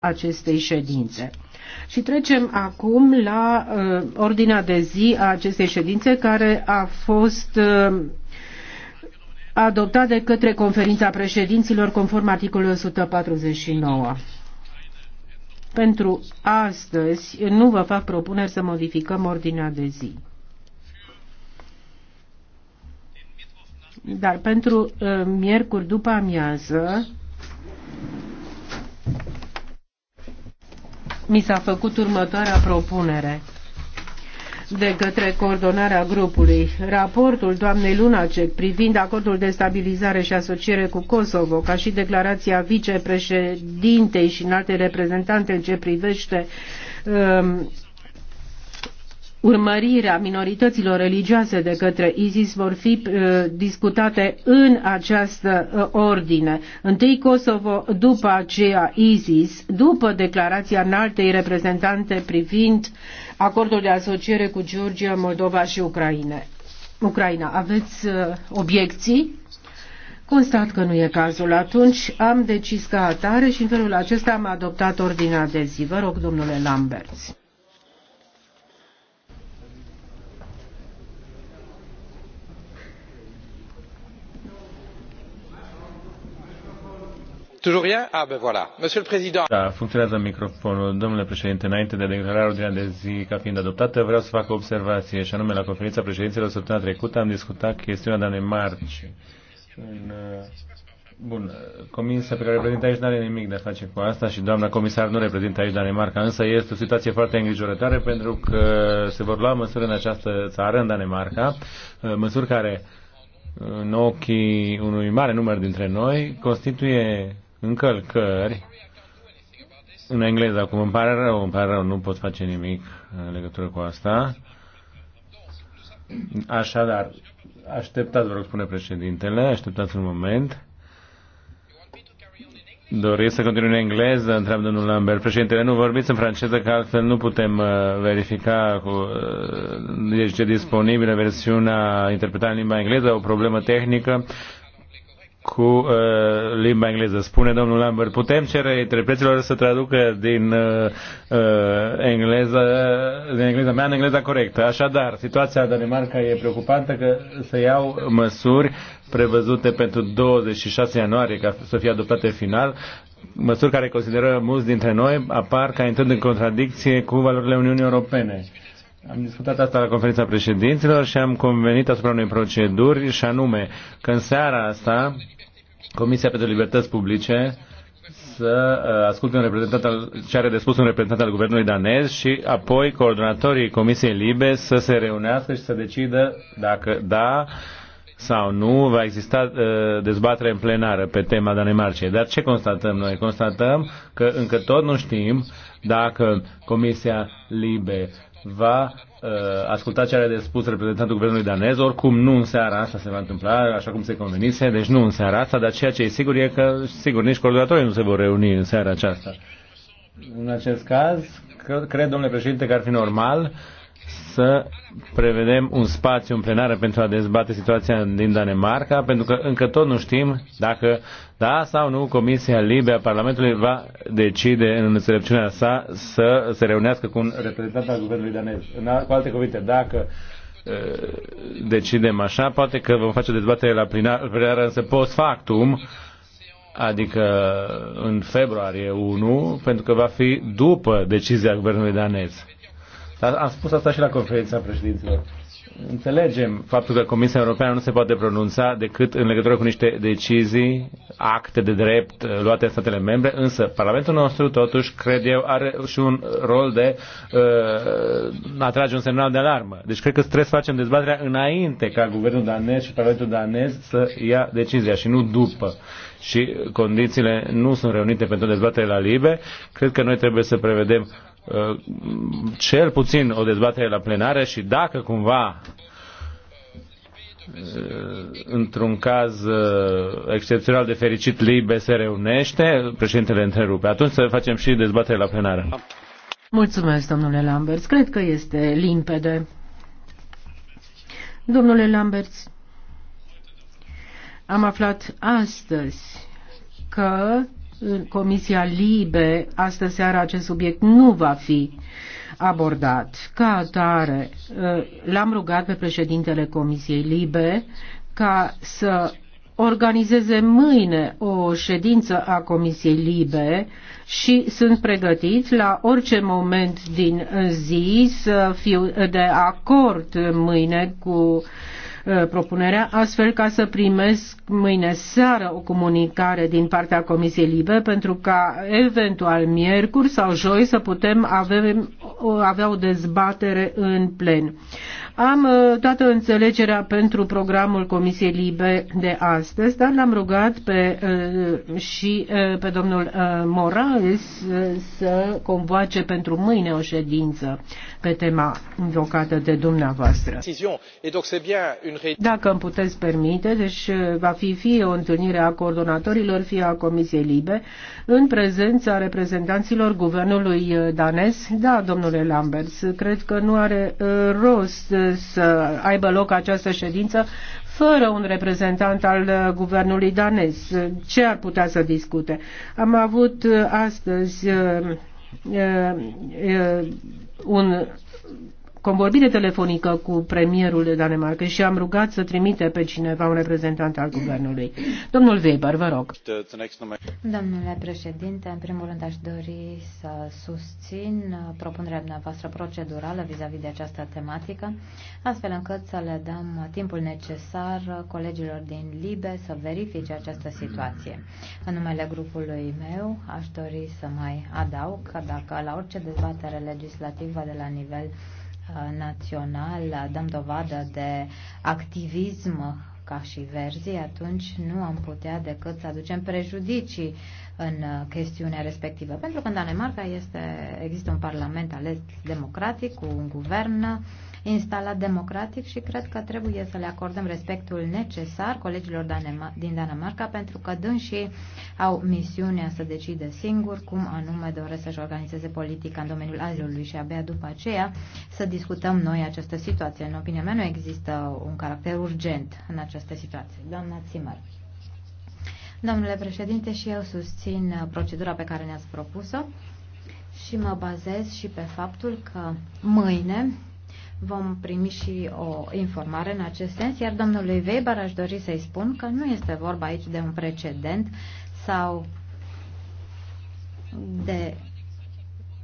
acestei ședințe. Și trecem acum la uh, ordinea de zi a acestei ședințe care a fost uh, adoptat de către conferința președinților conform articolului 149. Pentru astăzi nu vă fac propuneri să modificăm ordinea de zi. Dar pentru uh, miercuri după amiază mi s-a făcut următoarea propunere de către coordonarea grupului. Raportul doamnei Lunacek privind acordul de stabilizare și asociere cu Kosovo, ca și declarația vicepreședintei și alte reprezentante în ce privește um, urmărirea minorităților religioase de către ISIS vor fi uh, discutate în această uh, ordine. Întâi Kosovo, după aceea ISIS, după declarația înaltei reprezentante privind acordul de asociere cu Georgia, Moldova și Ucraine. Ucraina, aveți uh, obiecții? Constat că nu e cazul. Atunci am decis ca atare și în felul acesta am adoptat ordinea de zi. Vă rog, domnule Lamberts. Toujours rien? Ah, ben voilà. Monsieur le Président. Da, funcționează microfonul. Domnule președinte, înainte de a declara ordinea de zi ca fiind adoptată, vreau să fac o observație, și anume la conferința președinților săptămâna trecută am discutat chestiunea Danemarcii. În, uh, Bun, comisia pe care reprezintă aici nu are nimic de a face cu asta și doamna comisar nu reprezintă aici Danemarca, însă este o situație foarte îngrijorătoare pentru că se vor lua măsuri în această țară, în Danemarca, uh, măsuri care, uh, în ochii unui mare număr dintre noi, constituie încălcări în engleză acum, îmi pare rău, îmi pare rău, nu pot face nimic în legătură cu asta. Așadar, așteptați, vă rog, spune președintele, așteptați un moment. Doriți să continui în engleză? Întreabă domnul Lambert. Președintele, nu vorbiți în franceză, că altfel nu putem uh, verifica cu, uh, este deci disponibilă versiunea interpretată în limba engleză, o problemă tehnică cu uh, limba engleză. Spune domnul Lambert, putem cere interpreților să traducă din uh, uh engleză, din engleză, mea în engleza corectă. Așadar, situația în Danemarca e preocupantă că se iau măsuri prevăzute pentru 26 ianuarie ca să fie adoptate final, măsuri care consideră mulți dintre noi apar ca intrând în contradicție cu valorile Uniunii Europene. Am discutat asta la conferința președinților și am convenit asupra unei proceduri și anume că în seara asta Comisia pentru Libertăți Publice să uh, asculte un reprezentant al, ce are de spus un reprezentant al guvernului danez și apoi coordonatorii Comisiei Libe să se reunească și să decidă dacă da sau nu va exista uh, dezbatere în plenară pe tema Danemarcei. Dar ce constatăm noi? Constatăm că încă tot nu știm dacă Comisia Libe va uh, asculta ce are de spus reprezentantul guvernului danez. Oricum, nu în seara asta se va întâmpla, așa cum se convenise, deci nu în seara asta, dar ceea ce e sigur e că, sigur, nici coordonatorii nu se vor reuni în seara aceasta. În acest caz, cred, domnule președinte, că ar fi normal uh, să prevedem un spațiu în plenară pentru a dezbate situația din Danemarca, pentru că încă tot nu știm dacă da sau nu Comisia Libe a Parlamentului va decide în înțelepciunea sa să se reunească cu un reprezentant al guvernului danez. Cu alte cuvinte, dacă decidem așa, poate că vom face dezbatere la plenară, însă post factum, adică în februarie 1, pentru că va fi după decizia guvernului danez. Am spus asta și la conferința președinților. Înțelegem faptul că Comisia Europeană nu se poate pronunța decât în legătură cu niște decizii, acte de drept uh, luate în statele membre, însă Parlamentul nostru, totuși, cred eu, are și un rol de uh, atrage un semnal de alarmă. Deci cred că trebuie să facem dezbaterea înainte ca guvernul danez și Parlamentul danez să ia decizia și nu după. Uh, și condițiile nu sunt reunite pentru dezbatere la libe, cred că noi trebuie să prevedem uh, cel puțin o dezbatere la plenară și dacă cumva uh, într-un caz uh, excepțional de fericit libe se reunește, președintele întrerupe. Atunci să facem și dezbatere la plenară. Mulțumesc, domnule Lamberts. Cred că este limpede. Domnule Lamberts, am aflat astăzi că în Comisia Libe astă seara acest subiect nu va fi abordat. Ca atare, ă, l-am rugat pe președintele Comisiei Libe ca să organizeze mâine o ședință a Comisiei Libe și sunt pregătit la orice moment din zi să fiu de acord mâine cu uh, Uh, propunerea, astfel ca să primesc mâine seară o comunicare din partea Comisiei Libe pentru ca eventual miercuri sau joi să putem uh, avea o dezbatere în plen. Am uh, toată înțelegerea pentru programul Comisiei Libe de astăzi, dar l-am rugat pe, uh, și uh, pe domnul Morales să convoace pentru mâine o ședință pe tema invocată de dumneavoastră. Dacă îmi puteți permite, deci va fi fie o întâlnire a coordonatorilor, fie a Comisiei Libe, în prezența reprezentanților guvernului danez. Da, domnule Lambert, cred că nu are rost să aibă loc această ședință fără un reprezentant al uh, guvernului danez. Ce ar putea să discute? Am avut uh, astăzi uh, un convorbire telefonică cu premierul Danemarcei și am rugat să trimite pe cineva, un reprezentant al guvernului. Domnul Weber, vă rog. Domnule președinte, în primul rând aș dori să susțin uh, propunerea dumneavoastră procedurală vis-a-vis -vis de această tematică, astfel încât să le dăm timpul necesar colegilor din Libe să verifice această situație. În numele grupului meu aș dori să mai adaug că dacă la orice dezbatere legislativă de la nivel Uh, național uh, dăm dovadă de activism ca și verzii, atunci nu am putea decât să aducem prejudicii în uh, chestiunea respectivă. Pentru că în Danemarca este, există un parlament ales democratic cu un guvern instalat democratic și cred că trebuie să le acordăm respectul necesar colegilor din Danemarca pentru că dânsii au misiunea să decide singur cum anume doresc să-și organizeze politica în domeniul azilului și abia după aceea să discutăm noi această situație. În opinia mea nu există un caracter urgent în această situație. Doamna Zimmer. Domnule președinte, și eu susțin uh, procedura pe care ne-ați propus-o și mă bazez și pe faptul că mâine vom primi și o informare în acest sens, iar domnului Weber aș dori să-i spun că nu este vorba aici de un precedent sau de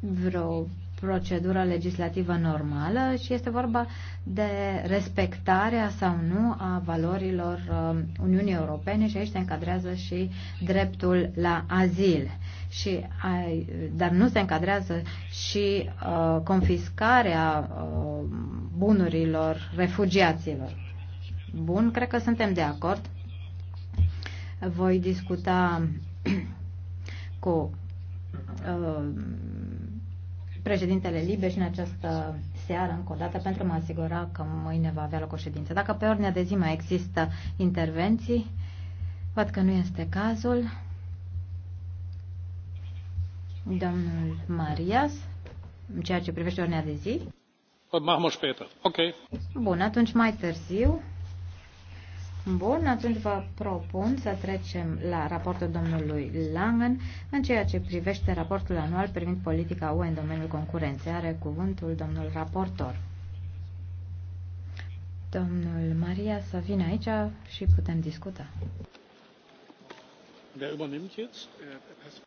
vreo procedură legislativă normală și este vorba de respectarea sau nu a valorilor uh, Uniunii Europene și aici se încadrează și dreptul la azil. Și, dar nu se încadrează și uh, confiscarea uh, bunurilor refugiaților. Bun, cred că suntem de acord. Voi discuta cu uh, președintele Libe și în această seară încă o dată pentru a mă asigura că mâine va avea loc o ședință. Dacă pe ordinea de zi mai există intervenții, văd că nu este cazul. Domnul Marias, în ceea ce privește ordinea de zi. Păi, Machen wir Ok. Bun, atunci mai târziu. Bun, atunci vă propun să trecem la raportul domnului Langen în ceea ce privește raportul anual privind politica UE în domeniul concurenței. Are cuvântul domnul raportor. Domnul Maria să vină aici și putem discuta. Wer übernimmt jetzt?